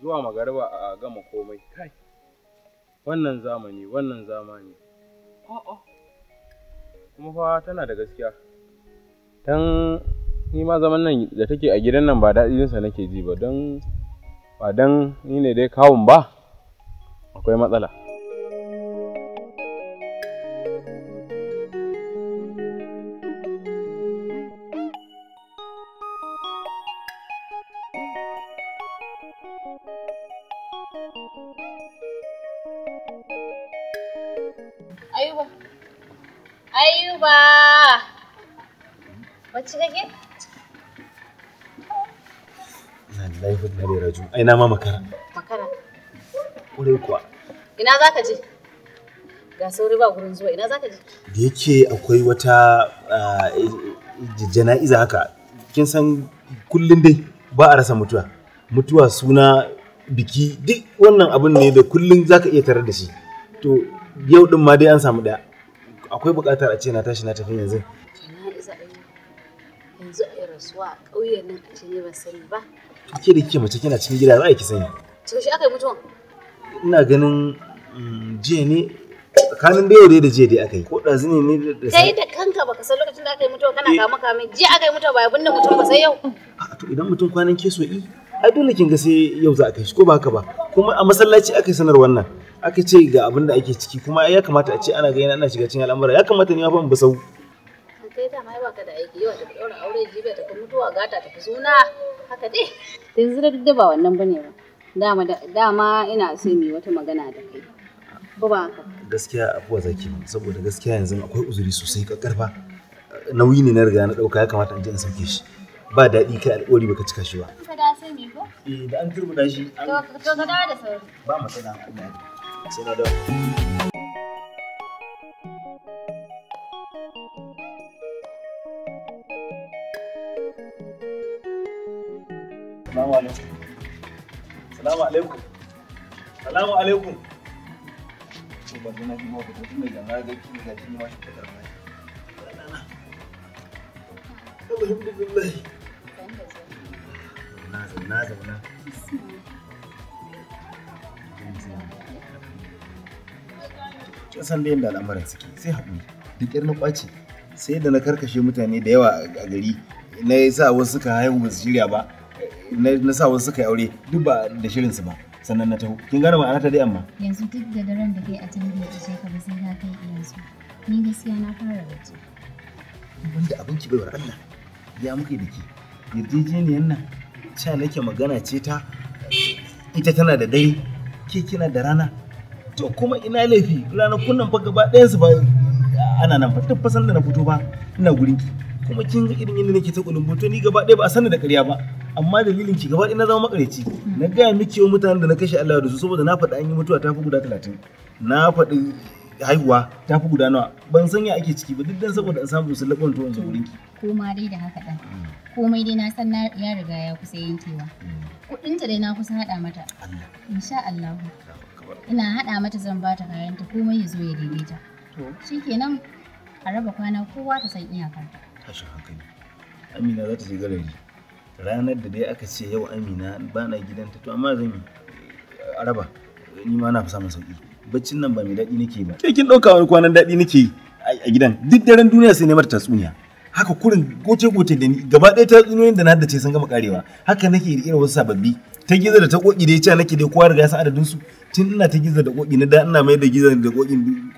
zuwa magariba a gama komai kai wannan zamani wannan zamani Oh, oh. Kuma fa tana da gaskiya. Dan ni ma zaman nan da take a gidan nan ba daɗinsa nake ji ba don ba don ni ne dai kawun ba akwai matsala. ai na ma makara makara ƙwarai kuwa ina za ka je ga sauri ba gurin zuwa ina za ka je da yake akwai wata jana'iza haka kin san kullum dai ba a rasa mutuwa mutuwa suna biki duk wannan abin ne da kullum za ka iya tarar da shi to yau din ma dai an samu ɗaya akwai buƙatar a ce na tashi na tafi yanzu jana'iza yanzu a rasuwa a ƙauyen nan a ce ne ba sani ba ke da kike mace kina cikin gida za a ki sani to shi aka yi mutuwan ina ganin mm, jiya ne tsakanin da yau dai da jiya dai aka yi ko da zini ne da sai da kanka baka san lokacin da aka yi mutuwa kana eh. kama kame jiya aka yi mutuwa ba ya binne mutum ba sai yau to idan mutum kwanan ke so yi ai dole kin ga sai yau za a kai shi ko ba haka ba kuma a masallaci aka yi sanar wannan aka ce ga abin da ake ciki kuma ya kamata a ce ana ga yana ana shiga cikin al'amura ya kamata ni ma fa in bi sau kai ta ba ka da aiki yau tafi daura aure jibe tafi mutuwa gata tafi suna haka dai da yanzu da duk ba wannan bane ba dama dama ina so mu wata magana da kai ko ba haka gaskiya abuwa zaki saboda gaskiya yanzu akwai uzuri sosai ka karfa. nauyi ne na riga na dauka ya kamata in je in sauke shi ba daɗi kai alƙawari baka cika shi ba ka da sai mi ko eh da an turbuda shi to ka dawo da sauri ba matsala Allah ya sai na dawo Salamu alaikum. Salamu alaikum. Salamu alaikum. Ba na mawa da tun ga kin ga kin shi ta Allah Na da al'amuran suke sai haƙuri. da na kwace sai da na karkashe mutane da yawa a gari na yi sa wasu suka haihu ba su shirya ba na sa wasu suka yi aure duk ba da shirin su ba sannan na taho kin gane ma'ana ta dai amma yanzu duk da daren da kai a can bai ishe ka ba sai ka kai yanzu ni gaskiya na fara bacci wanda abinci baiwar Allah ya muke da ke yarjejeniyar nan sha nake magana ce ta ita tana da dare ke kina da rana to kuma ina laifi ranakun nan fa gaba ɗayan su ba ana nan fa duk fasan da na fito ba ina gurin ki kuma kin ga irin yadda nake ta kulumboto ni gaba ɗaya ba a sani da ƙarya ba amma dalilin ki gaba ɗaya na zama makareci na gaya miki yawan mutanen da na kashe Allah da su saboda na faɗi an yi mutuwa ta fi guda talatin na faɗi haihuwa ta fi guda nawa ban san ya ake ciki ba duk dan saboda an samu su laɓon to su gurin ki. Koma dai da haka dan komai dai na san na ya riga ya kusa yankewa kuɗinta dai na kusa haɗa mata insha Allah ina haɗa mata zan ba kayan kayanta komai ya zo ya daidaita. shi kenan a raba kwana kowa ta san iyakar tashin hankali amina za ta je garaji ranar da dai aka ce yau amina ba na gidanta to amma zan yi a raba ni ma na fi samun sauki baccin nan ba mai daɗi nake ba ke kin ɗauka wani kwanan daɗi nake yi a gidan duk daren duniya sai mata tatsuniya haka kurin goce goce da ni gaba ɗaya tatsuniyoyin da na haddace sun gama ƙarewa haka nake irin wasu sababbi ta gizo da ta koki da ya ce nake dai kowa riga ya san adadin su tun ina ta giza da koki na da ina mai da giza da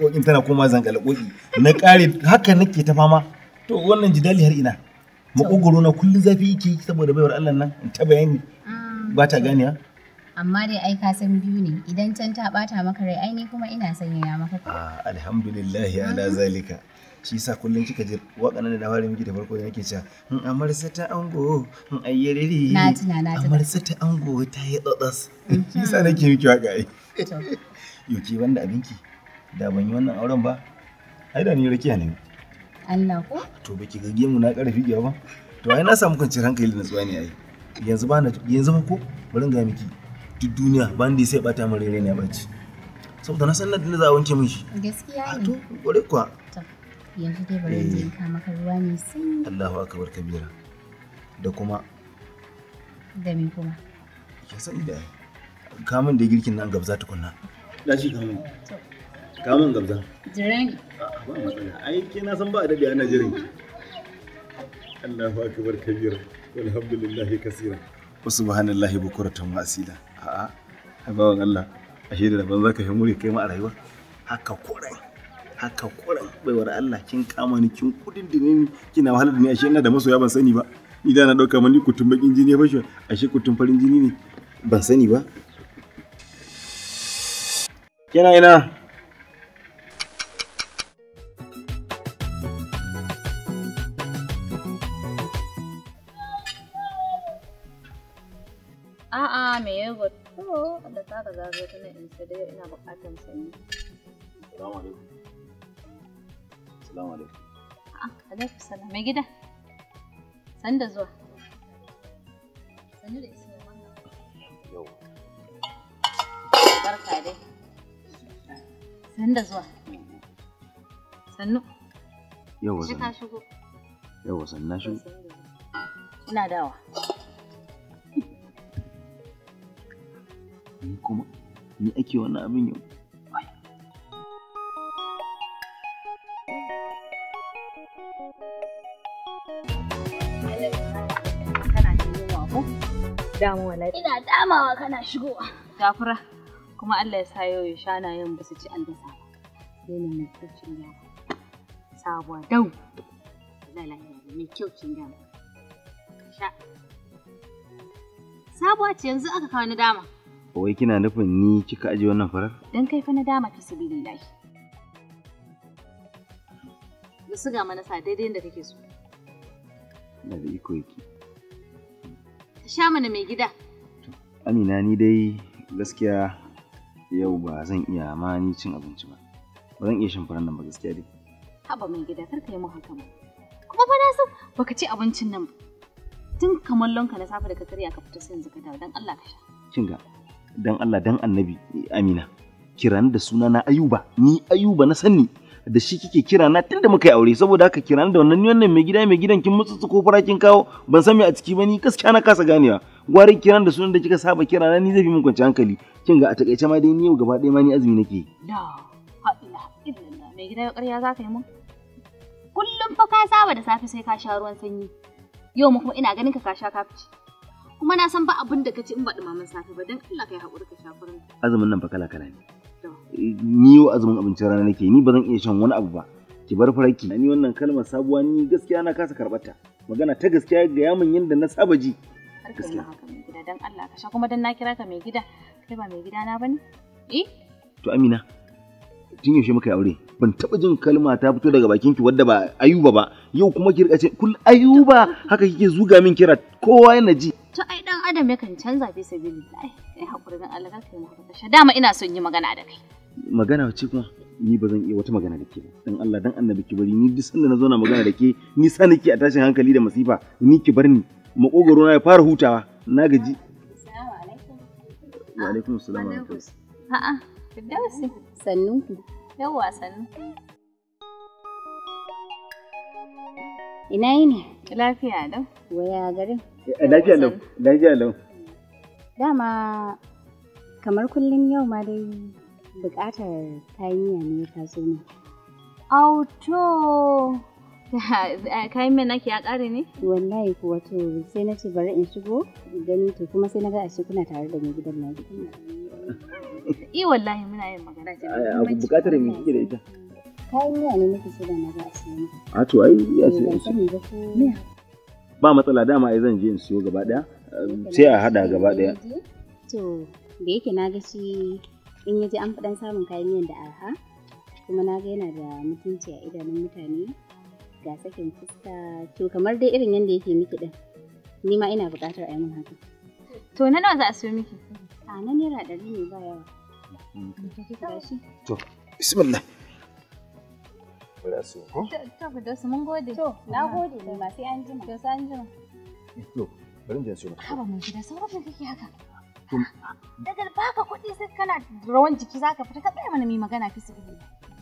kokin tana koma zangala koki na kare haka nake ta fama to wannan jidali har ina makogoro na kullun zafi yake saboda baiwar Allah nan in ta bayani mm. ba ta ganiya amma dai ai ka san biyu ne idan can ta bata maka rai ai ni kuma ina sanyaya maka ah alhamdulillah ala zalika shi yasa kullum kika ji waƙan da fara miki da farko da nake cewa in hmm, amarsa ta ango hmm, in ri na tuna na tuna amarsa ta ango ta yi tsatsas mhm. shi yasa nake miki waƙa ai Yuki wanda abinki da ban yi wannan auren ba ai da ni rakiya ne. Allah ko? To baki ga gemu na ƙarfi ba. To ai na samu kwanciyar hankali da nutsuwa ne ai. Yanzu ba yanzu ba ko bari ga miki duk duniya ba ni sai bata min rere ne ya baci. Saboda na san na dinda za a wanke min shi. Gaskiya ne. To gore kuwa. Yanzu dai bari in eh. ka maka ruwa mai sanyi. Allahu akbar kabira. Da kuma da me kuma? Ya sani da ai. ka min da girkin nan gabza tukunna dashi ka min Kamun min gabza Jiren. Ah, ba matsala ai ke na san ba da biya na jiren. Allahu akbar kabira walhamdulillahi kasira wa subhanallahi bukuratan wa asila a'a habawan Allah ashe da ban zaka yi muri kai ma a rayuwa haka kurai haka kurai baiwar Allah kin kama ni kin kudin ni kina wahalar da ni ashe ina da masoya ban sani ba ni da na dauka mani kutun bakin jini ba shi ashe kutun farin jini ne ban sani ba Yana ina? A'a me ya to da ta ka zagaye tana in sai dai ina buƙatar sanyi. Assalamu alaikum. Assalamu alaikum. A'a alaikum salam mai gida. San da zuwa. Sanu da isa Yau. Barka dai. Sannu da zuwa. Sannu. Yau sannu. Ka shigo. na shigo. Ina dawa. Ni kuma ni ake wannan abin yau. Damuwa na. Ina damawa kana shigowa. Gafura. kuma Allah ya sa yau ya shanayen ba su ci albasa ba dole mai kyau cin ba sabuwa dau mai kyau cin ba. sha sabuwa ce yanzu aka kawo na dama wai kina nufin ni cika aji wannan farar dan kai fa na dama fi sabilillahi da siga mana sa daidai yadda kake so na da iko yake sha mana mai gida amina ni dai gaskiya yau ba zan iya ma ni cin abinci ba ba zan iya shan furen nan ba gaskiya dai haba mai gida kar ka yi mu haka ba kuma fa na san baka ci abincin nan ba tun kamallon ka na safe da ka karya ka fita sai yanzu ka dawo dan Allah ka sha kin ga dan Allah dan annabi eh, amina kiran da suna na ayuba ni ayuba na sani da shi kike kira na tunda muka yi aure saboda haka kira da wannan wannan mai gida mai gidan kin mutsutsu ko fara kin kawo ban san me a ciki bane gaskiya na kasa ganewa gwarin kiran da sunan da kika saba kira na ni zai fi mun kwanci hankali kin ga a takaice ma dai ni yau gaba ɗaya ma ni azumi nake da haɗila illallah mai gida ya ƙarya za ka yi mun kullum fa ka saba da safe sai ka sha ruwan sanyi yau mu kuma ina ganin ka ka sha kafici kuma na san ba abin da ka ci in ba dumamin safe ba don Allah ka yi haƙuri ka sha furin azumin nan fa kala kala ne ni yau azumin abincin rana nake ni ba zan iya shan wani abu ba ki bar faraki ni wannan kalmar sabuwa ni gaskiya na kasa karbata magana ta gaskiya ga yamin yanda na saba ji gaskiya dan Allah ka sha kuma dan na kira ka mai gida kai ba mai gida na bane eh to Amina tun yaushe muka yi aure ban taba jin kalma ta fito daga bakin ki wadda ba ayuba ba yau kuma ki rika ce kul ayuba haka kike zuga min kira kowa yana ji adam ya kan canza sabi billahi ai hakuri dan Allah kai mu haka sha dama ina son yi magana da kai magana wace kuma ni ba zan iya wata magana da ke ba dan Allah dan annabi ki bari ni duk sanda na zo na magana da ke ni sa nake a tashin hankali da masifa ni ki bar ni makogoro na ya fara hutawa na gaji assalamu alaikum wa alaikum assalam a'a Firdausi ku yawwa sannu ina yini lafiya dau waya garin Eh, lafiya lau, lafiya lau. Dama kamar kullum yau ma dai buƙatar kayan miya ne ya taso ne. Auto! kayan mai nake ya ƙare ne? Wallahi kuwa wato sai na ce bari in shigo gani to kuma sai na ga ashe kuna tare da mai gidan na I wallahi muna yin magana ce. Abu buƙatar me kike da ita? Kayan miya ne nake so da na ga ashe. A to ai ya ce. Ban ya ba matsala dama ai zan je in siyo gaba daya eh, sai a hada gaba daya to da yake na ga shi in yaje an fadan samun kayan miyan da arha kuma na ga yana da mutunci a idanun mutane ga sakin fuska to kamar dai irin yanda yake miki din ni ma ina bukatar a yi min haka to na nawa za a siyo miki a na naira ɗari ne ba yawa to bismillah Bura su. To ku da su mun gode. To na gode ne ma sai an jima. To sai an jima. Eh, to bari in je su. Haba mai gida sauran kake haka. Daga baka kuɗi sai kana rawan jiki zaka fita ka tsaya mana mai magana ki. su.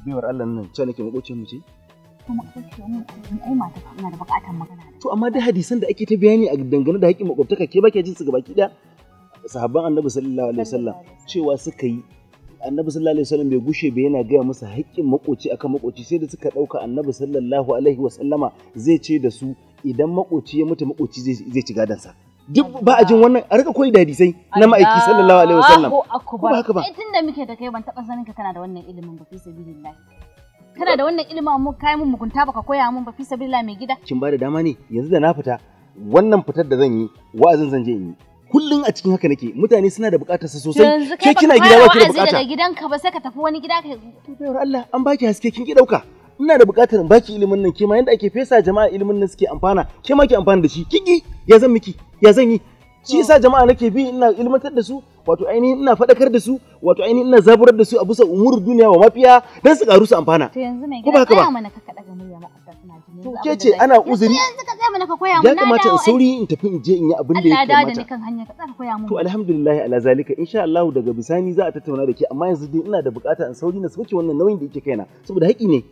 Baiwar Allah nan ce nake makocin mu ce. kuma kake mun ai mata ina da bukatar magana. To amma da hadisan da ake ta bayani a dangane da haƙƙin makwabtaka ke ba ke jin su gaba ki da sahabban Annabi sallallahu alaihi wasallam cewa suka yi annabi sallallahu alaihi wasallam bai gushe bai yana gaya musu haƙƙin makoci akan makoci sai da suka ɗauka annabi sallallahu alaihi wasallama zai ce da su idan makoci ya mutu makoci zai ci gadansa duk ba a jin wannan a rika koyi da hadisai na ma'aiki sallallahu alaihi wasallam ko ba haka ba tun da muke da kai ban taɓa sanin ka kana da wannan ilimin ba fi sabilillah kana da wannan ilimin mu kai mun mugunta baka koya mun ba fi sabilillah mai gida kin ba da dama ne yanzu da na fita wannan fitar da zan yi wa'azin zan je in yi Kullum a cikin haka nake mutane suna da bukatar sa sosai ke kina gida ba ki da bukata daga ka ba sai ka tafi wani gida ka to Allah an baki haske kin ki dauka ina da bukatar baki ilimin nan ke ma yanda ake fesa jama'a ilimin nan suke amfana ke ma ki amfana da shi kiki ya zan miki ya zan yi shi yasa jama'a nake bi ina ilmantar da su wato ainihin ina fadakar da su wato ainihin ina zaburar da su a bisa umur duniya wa mafiya dan su karu su amfana to yanzu mai gida ba mana ka kada ga murya To ke ce ana uzuri. Ya kamata in sauri in tafi in je in yi abin da ya kamata. Allah da ni kan hanya ka koya To alhamdulillah ala zalika insha Allah daga bisani za a tattauna da ke amma yanzu dai ina da bukata in sauri na sauke wannan nauyin da yake kaina saboda haƙi ne.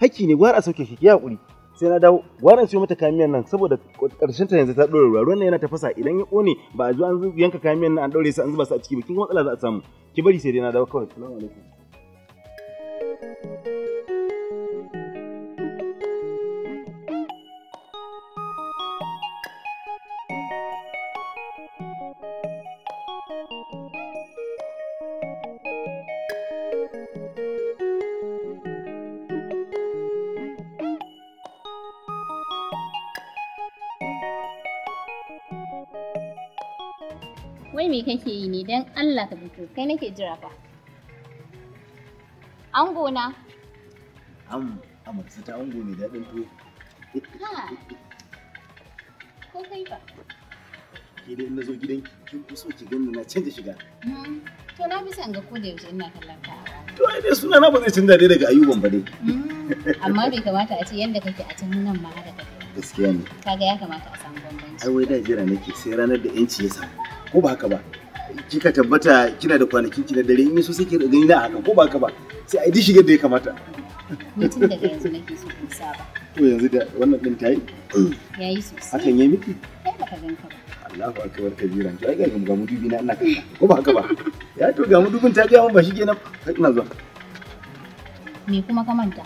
Haƙi ne gwara a sauke shi ki hakuri. sai na dawo waran sai mata kayan nan saboda karshen ta yanzu ta dore ruwa ruwan yana tafasa idan ya kone ba a zo an yanka kayan nan an daure su an zuba su a ciki ba kin matsala za a samu ki bari sai dai na dawo kawai assalamu alaikum wai me kake yi ne don Allah ka fito kai nake jira fa ango na am amurta ta ango ne daɗin to. ha ko kai fa ke dai na zo gidan kin kuso ki gani na canza shiga hmm. to na bisa ga ko da yaushe ina kallon ka to ai dai suna na ba zai canza dai daga ayuban ba dai hmm. amma bai kamata a ce yanda kake a can nan ma haka kake gaskiya ne kaga ya kamata a samu bambanci ai wai da jira nake sai ranar da yanci ya samu ko ba haka ba kika tabbata kina da kwanaki kina dare in so sai ki gani na haka ko ba haka ba sai a yi shigar da ya kamata mutum daga yanzu ke so ku saba to yanzu da wannan din tayi yayi sosai hakan yayi miki eh, Allahu akbar kabira to ai ga ga mudubi na ina ko ba haka ba ya to ga mudubin ta ga mun ba shi kenan ina zuwa me kuma ka manta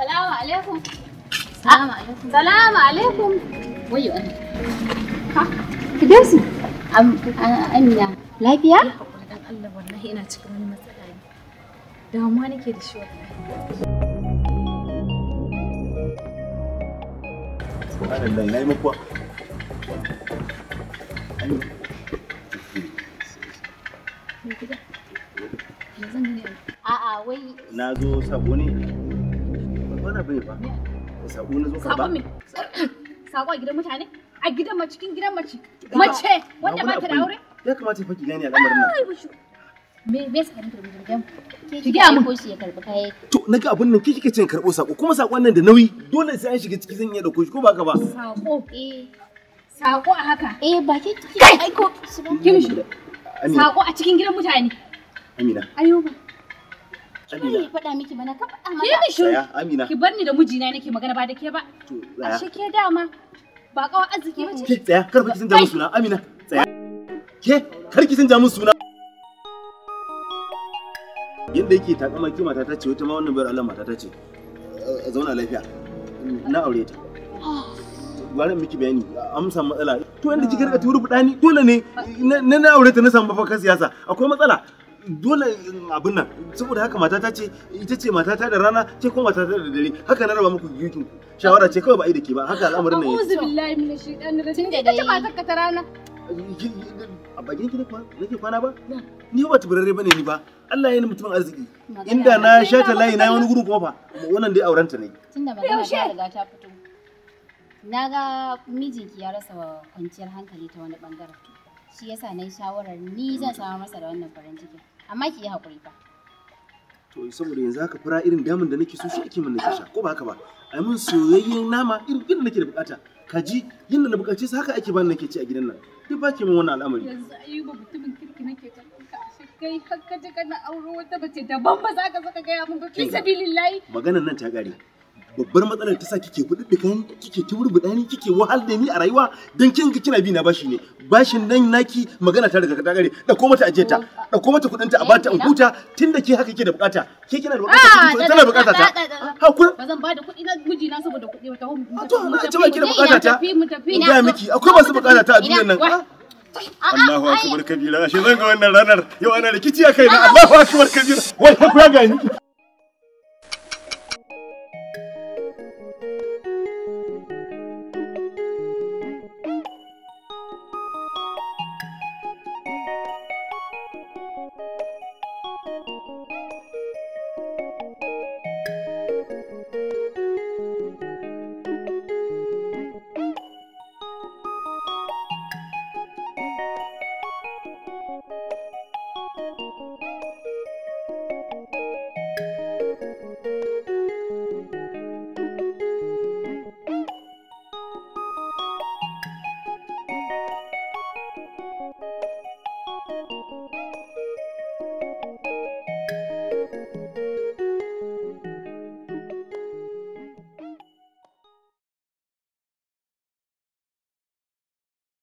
salamu alaikum salamu alaikum salamu alaikum wayo eh. ha ki Amina. Lafiya? Dan Allah wallahi ina cikin wani matsala ne. nake da shi wallahi. A'a wai. Na zo sabo ne. Wani abu ne ba. Sabo zo karba. Sabo Sabo a gidan mutane? A gidan cikin gidan mace. Mace wanda ba ta da aure? Ya kamata fa ki gane al'amarin nan. Me me sakarin da mijin Ki ga mu ko shi ya karbi kaya. To naga abun nan kike cin karbo sako kuma sakon nan da nauyi dole sai an shiga ciki zan iya dauko shi ko ba ka ba? Sako eh. Sako a haka. Eh ba ke kike aiko su ba. Sako a cikin gidan mutane. Amina. Ayuba. Amina. Ki faɗa miki mana ka faɗa mana. Ki mishi. Amina. Ki bar ni da mijina nake magana ba da ke ba. To. Ashe ke dama ba kawai arziki ba ce. tsaya, kar ki kisan ja suna, Amina. Tsaya. Ke, kar kisan sun suna. Yadda yake takama ki mata ta ce wata ma wannan bayar Allah mata ce. Zauna lafiya. Na aure ta. Gwaran miki bayani, amsa matsala. To yadda kika rika turu budani dole ne na aure ta na samu mafakar siyasa. Akwai matsala. dole abin nan saboda haka mata ta ce ita ce mata ta da rana ce kuma ta da dare haka na raba muku girkin shawara ce kawai ba ai da ke ba haka al'amarin nan yake billahi min shaitan rajim da dai matarka ta rana a bakin ki nake kwana ba ni ba tubarare bane ni ba Allah ya yi mutumin arziki inda na sha ta layi na wani gurin kuma fa wannan dai auren ta ne tunda ba ta riga ta fito na ga mijinki ya rasa kwanciyar hankali ta wani bangaren shi yasa na yi shawarar ni zan samu masa da wannan farin cikin amma ki yi haƙuri fa to saboda yanzu haka fara irin damun da nake so shi ake mana kisha ko ba haka ba a min soyayyen nama irin irin nake da bukata kaji yadda na bukace su haka ake bani nake ci a gidan nan duk ba ke min wannan al'amari yanzu ayuba mutumin kirki nake kallon ka kai har ka ji kana auro wata bace daban ba za ka saka gaya mun ba fi sabilillahi maganar nan ta gare babbar matsalar ta sa kike kuɗi da kike turbuɗa ni kike wahal da ni a rayuwa don kin ga kina bi na bashi ne bashin nan naki magana ta daga kare da ko mata ajeta da ko mata ta a bata in huta tunda ke haka ke da bukata ke kina da bukata ah, ki tana bukata ta ha ku bazan bada kudi na miji ah, na saboda kudi wata hu to na ce ba ki da bukata ta ga miki akwai masu bukata ta a duniyar nan ah. Allahu akbar kabira ashe zan ga wannan ranar yau ana rikici a kaina Allahu akbar kabira wai ku ga ni